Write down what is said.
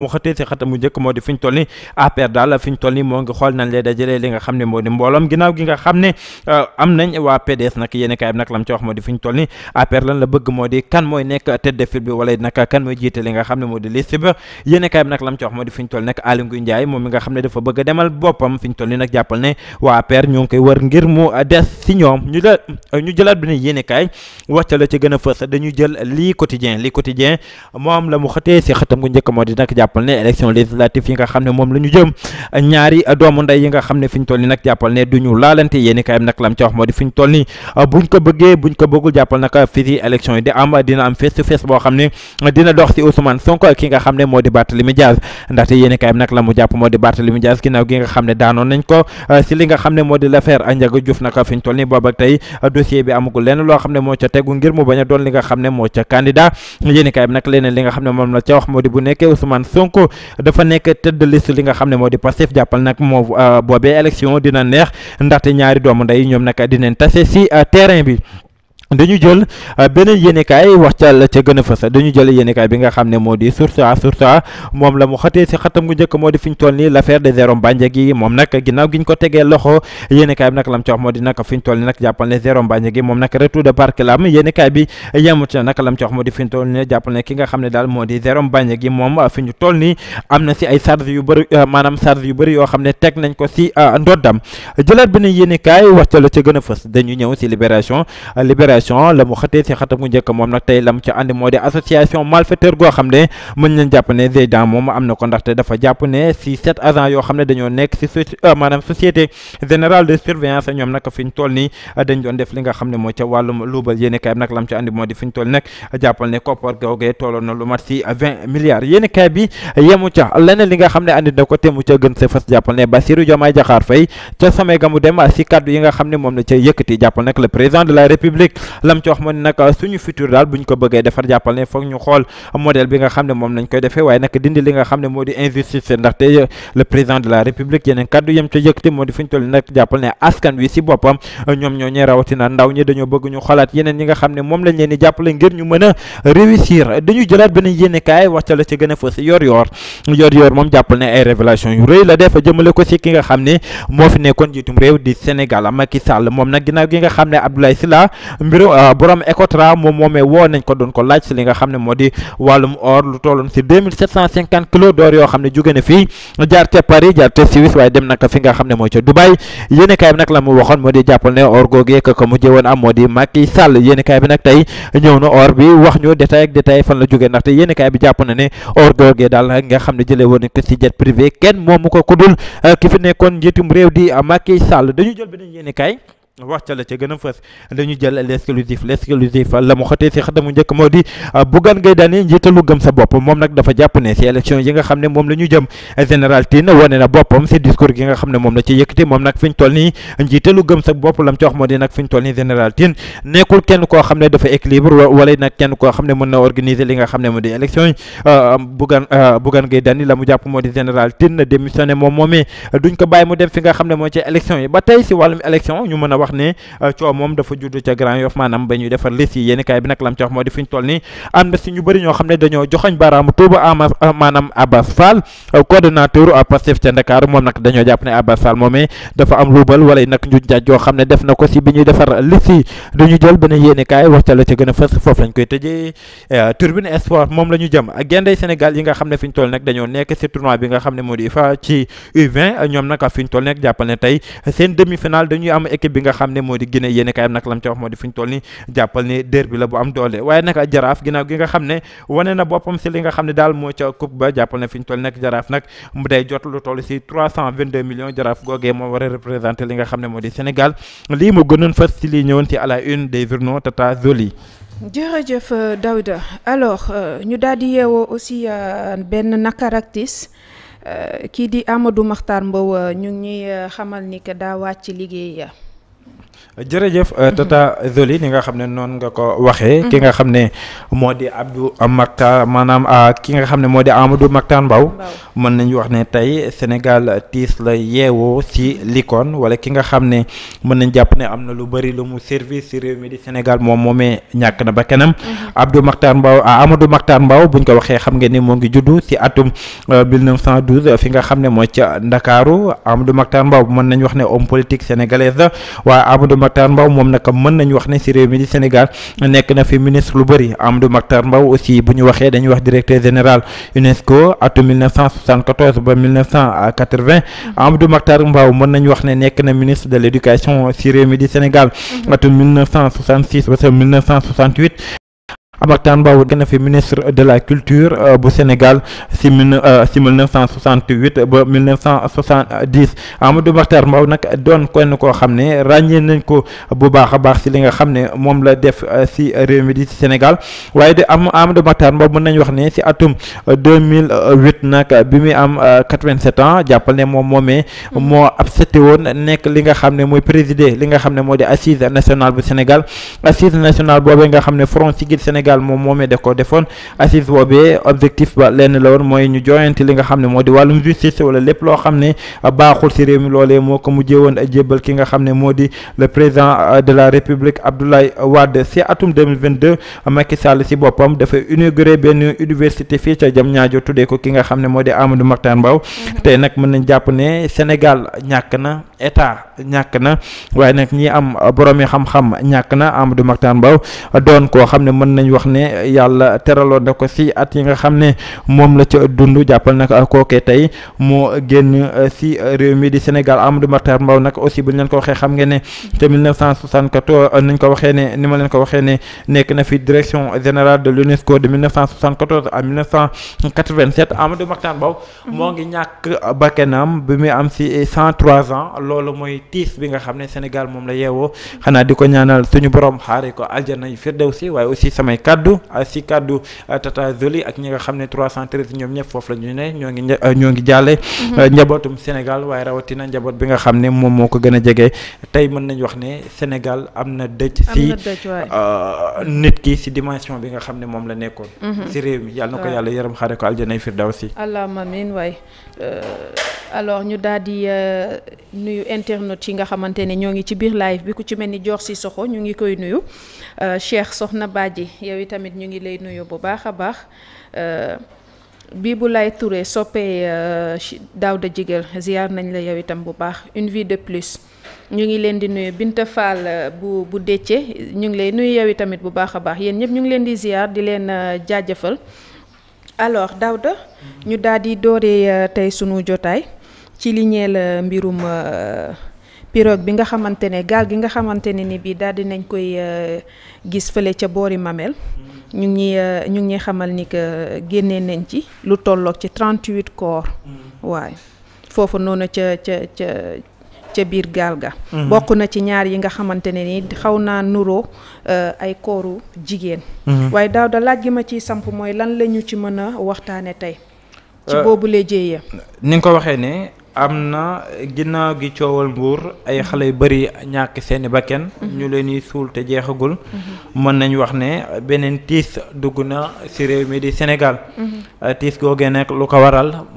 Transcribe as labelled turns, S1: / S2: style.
S1: waxatee si xatam mu njëkk moo di fi ñu toll ni APR daal fi toll ni moo ngi xool nañ lee dajalee li nga xam ne moo di mbooloom ginnaaw gi nga xam ne euh, am nañ waa PDS nag yéen bi nag lam ci moo di fi toll la nekk tête de moom mi nga xam ne dafa bëgg a demal boppam fi ñu toll ni nag jàppal ne waa APR ñoo koy wër ngir mu des si ñoom ñu jëlaat bi ne yéen kaay ci gën a dañu jël lii quotidien lii quotidien moom la mu xëtee jàppal ne yi nga xam ne moom la jëm ñaari doomu ndey yi nga xam ne fi toll ni buñ ko bëggee buñ ko bëggul jàppal nag fii élection yi di am dina am face to face boo xam ne dina dox si Ousmane Sonko ki nga xam ne moo di Barthélémy Dias ndaxte yéeni kayam nag la mu jàpp moo di Barthélémy Dias ginnaaw gi nga xam ne daanoon nañ ko si li nga xam ne moo di l'affaire Ndiaga Diouf nag fi ñu toll ni booba tey dossier bi amagul lenn loo xam ne a donc dafa nekk tëdd de li nga xam ne moo di Pastef jàppal nag moo euh, boobee élection dina neex ndaxte ñaari doomu ndey ñoom nag dinañ tase si euh, terrain bi dañu jël euh, beneen yéenekaay wax ca la ca gën a fës dañu jël bi nga xam ne moo di Source A moom la mu xatee si xatam gu njëkk moo di fi ñu toll nii l'affaire de Jérôme Bandiaky moom ko tegee loxo yéenekaay bi nag la mu ñu toll nii nag jàppal ne Jérôme Bandiaky moom nag retour de parquet la am ki nga xam ne daal moo di Jérôme Bandiaky moom euh, ñu toll nii am na si ay charge yu bëri euh, maanaam charge yu bëri yoo xam ne teg nañ ko si ndoddam jëlaat beneen yéenekaay wax ca la ca gën a fës dañu ñëw si Libération Libération association la mu xatee si xatam njëkk moom nag tey la mu àndi moo di association malfaiteur goo xam ne mën nañ jàpp Zeydan moom am na ko ndaxte dafa jàpp si sept agents yoo xam ne dañoo euh, def li nga xam ne moo ca wàllum luubal yéeni kaay bi nag la mu àndi moo di fi ñu toll jàppal ne koppar googee tooloon lu mat si vingt milliards yéeni kaay bi yemu ca leneen li nga xam ne àndi na ko te mu ca gën sa fas jàppal ne Bassirou Diomaye Diakhar Faye ca sommet lam ci wax moo ne nag ah, suñu futur daal bu ñu ko bëggee defar jàppal ne foog ñu xool modèle bi nga xam ne moom lañ koy defee waaye nag dindi li nga xam ne moo di injustice ndaxte le président de la république yeneen kaddu yam ca yëkkati moo di fi ñu toll nag jàppal ne askan wi si boppam ñoom ñoo ñee rawatina ndaw ñi dañoo bëgg ñu xalaat yeneen yi nga xam ne moom lañ leen a réussir dañu jëlaat beneen yéene kaay wax ca la ci gën a fës yor yor yor yor moom jàppal ne ay révélation yu la def ki nga moom nag ginnaaw gi nga xam ne Abdoulaye Sylla mbiru euh, borom Ecotra moom moomee woo nañ ko doon ko laaj si li nga xam ne moo di wàllum or lu tolloon si 2750 kilos d'or yoo xam ne jóge na fii jaar te Paris jaar te Suisse waaye dem naka fi nga xam ne mooy ca Dubaï yéen kaay bi nag la mu waxoon moo di jàppal ne or googee ka ko mujjee woon am bi nag tey ñëw na or bi wax ñu détail ak détail fan la jógee ndaxte yéen kaay bi jàpp na ne or googee daal nga xam ne jëlee woon nañ ko si jet privé kenn moomu ko kudul euh, ki fi nekkoon njiitum réew di Macky Sall dañu jël beneen yéen wax ca la ca gën a fës dañu jël l'exclusif l'exclusif la mu xëtee si xëtamu njëkk moo di ah, Bougane Gueye Dany njiitalu gëm sa bopp moom nag dafa jàpp ne si élection yi nga xam ne moom la jëm général Tine nekkul kenn koo xam ne dafa équilibre wala nag kenn koo xam ne mën na organiser li nga xam ne moo di élection yi ah, Bougane ah, Bougane la mu jàpp moo di général Tine démissionné moom moomee duñ ko bàyyi mu dem fi nga xam ne moo ci élection yi ba tey si a wax ne euh, coow moom dafa judd ca Grand Yoff maanaam ba ñuy defar liste yi yéeni bi nag lam ci wax moo di fi toll ni am na si ñu bëri ñoo xam ne dañoo joxañ euh, euh, a tey seen demi-finale dañuy am équipe bi nga xam ne moo di Guinée yéen kaayam nag lam ca wax moo di fi ñu toll ni jàppal ni derby la bu am doole waaye nag jaraaf ginnaaw gi nga xam ne wane na boppam si li nga xam ne daal moo ca coupe ba jàppal na fi ñu toll nag jaraaf nag mu day jot lu toll si 322 millions jaraaf googee moo war a li nga xam ne moo di Sénégal lii mu gënoon fas si lii ñëwoon si à la une des journaux Tata Zoli
S2: jërëjëf euh, Daouda alors euh, ñu daal di yeewoo aussi euh, benn nakaraktis kii di Amadou Makhtar Mbow ñu ngi ñuy ni que daa wàcc liggéey
S1: jërëjëf euh, Tata Zoli ni nga xam ne noonu nga ko waxee mm-hmm. ki nga xam ne moo di Abdou Mactar maanaam ah, ki nga xam ne moo di Amadou Mactar Mbow mën nañu wax ne tey Sénégal tiis la yeewoo si Likoon wala ki nga xam ne mën nañ jàpp ne am na lu bëri lu mu service si réew mi di Sénégal moom moomee ñàkk na ba kanam mm-hmm. Abdou Mactar Mbow ah, Amadou Mactar Mbow buñ ko waxee xam nga ni moo ngi juddu si atum 1912 euh, fi nga xam ne mooy ca Ndakaaru Amadou Mactar Mbow mën nañu wax ne homme politique sénégalaise waaye Amadou Makhtar Mbow moom nag mën nañu wax ne si réew mi di Sénégal nekk na fi ministre lu bëri Amadou Makhtar Mbow aussi bu ñu waxee dañuy wax directeur général UNESCO atum ba 1980 Amadou Makhtar Mbow mën nañu wax ne nekk na ministre de l' éducation si réew mi di Sénégal mm-hmm. atum 1966 ba 1968 Abartane Ba gën a fi ministre de la culture euh, bu Sénégal si mille euh, si mille neuf cent soixante huit ba mille neuf cent soixante dix Amadou Bartar Mbow nag doon kenn koo xam ne ràññee nañ ko bu baax baax si li nga xam ne moom la def euh, si réew mi si Sénégal waaye de am Amadou Bartar Mbow mën nañ wax ni si atum deux mille huit nag bi muy am quatre vingt sept ans jàppale ne moom moomee mm-hmm. moo accepté woon nekk li nga xam ne mooy président li nga xam ne moo di assise nationale bu Sénégal assise nationale boobee nga xam ne front Sénégal. Sénégal moom moomee da ko defoon assise boobee objectif ba lenn la woon mooy ñu joyante li nga xam ne moo di wàllum justice wala lépp loo xam ne baaxul si réew mi loolee moo ko mujjee woon a jébbal ki nga xam ne moo di le président euh, de la république Abdoulaye Wade si atum 2022 Macky Sall si boppam dafa inauguré benn université fii ca Diamniadio tuddee ko ki nga xam ne moo di Amadou Mahtar Mbow mm-hmm. tey nag mën nañ jàpp ne Sénégal ñàkk na état ñàkk na waaye nag ñi am borom yi xam-xam ñàkk na Amadou Mahtar Mbow doon koo xam ne mën nañ wax ne yàlla teraloo na ko si at yi nga xam ne moom la ca dundu jàppal nag kookee tey moo génn euh, si réew mi di Sénégal Amadou Mahtar Mbow nag aussi bu ñu leen ko waxee xam nga ne te 1974 nañ ko waxee ne ni ma leen ko waxee ne nekk na fi direction générale de l'UNESCO de 1974 à 1987 Amadou Mahtar Mbow moo ngi ñàkk bakkanam bi muy am si 103 ans loolu mooy tiis bi nga xam ne Sénégal moom la yeewoo xanaa di ko ñaanal suñu borom xaare ko aljanay si waaye aussi samay kaddu si kaddu euh, tata Zoli ak ñi nga xam ne 313 ñoom ñëpp foofu la ñu ne ñoo ngi euh, ñoo ngi jàlle mhm. euh, njabootum Sénégal waaye rawatina njaboot bi nga xam ne moom moo ko gën a jege tey mën nañu wax ne Sénégal am na dëj si nit ki si dimension bi nga xam ne moom la nekkoon mhm. si réew mi yàlla na ko yàlla yërëm xaare ko aljanay firdawsi
S2: allah mamin alors ñu daal di euh, nuyu internautes yi nga xamante ne ñoo ngi ci biir live bi ku ci mel ni si Sissoko ñu ngi koy nuyu euh, Cheikh Soxna Badji yow tamit ñu ngi lay nuyu bu baax a baax euh, Biboulaye Touré soppee Daouda Djiguel ziar nañ la yow itam bu baax une vie de plus ñu ngi leen di nuyu Binta bu bu Décce ñu ngi lay nuyu yow tamit bu baax a baax yéen ñëpp ñu ngi leen di ziar di leen jaajëfal alors dawda ñu daal di dooree tey sunu jotaay. ci li la euh, mbirum euh, pirogue bi nga xamante ne gaal gi nga xamante ne ni bii daal di nañ koy euh, gis fële ca boori Mamel mm-hmm. ñu ngi ñu ngi xamal ni que génnee nañ ci lu tolloog ci 38 corps mm-hmm. waaye foofu noonu ca ca ca ca biir gaal ga mm-hmm. bokk na ci ñaar yi nga xamante ne ni xaw naa nuroo ay kooru jigéen waaye daaw da laaj gi ma ciy samp mooy lan lañu ci mën a waxtaane tey ci boobu la jéeye
S1: ni nga ko waxee ne am na ginnaaw gi coowal nguur ay xale yu bëri ñàkk seeni bakken mhm. ñu leen di suul te jeexagul mhm. mën nañ wax ne beneen tiis dugg na ci réew mi di Sénégal mhm. euh, tiis googee nag lu ko waral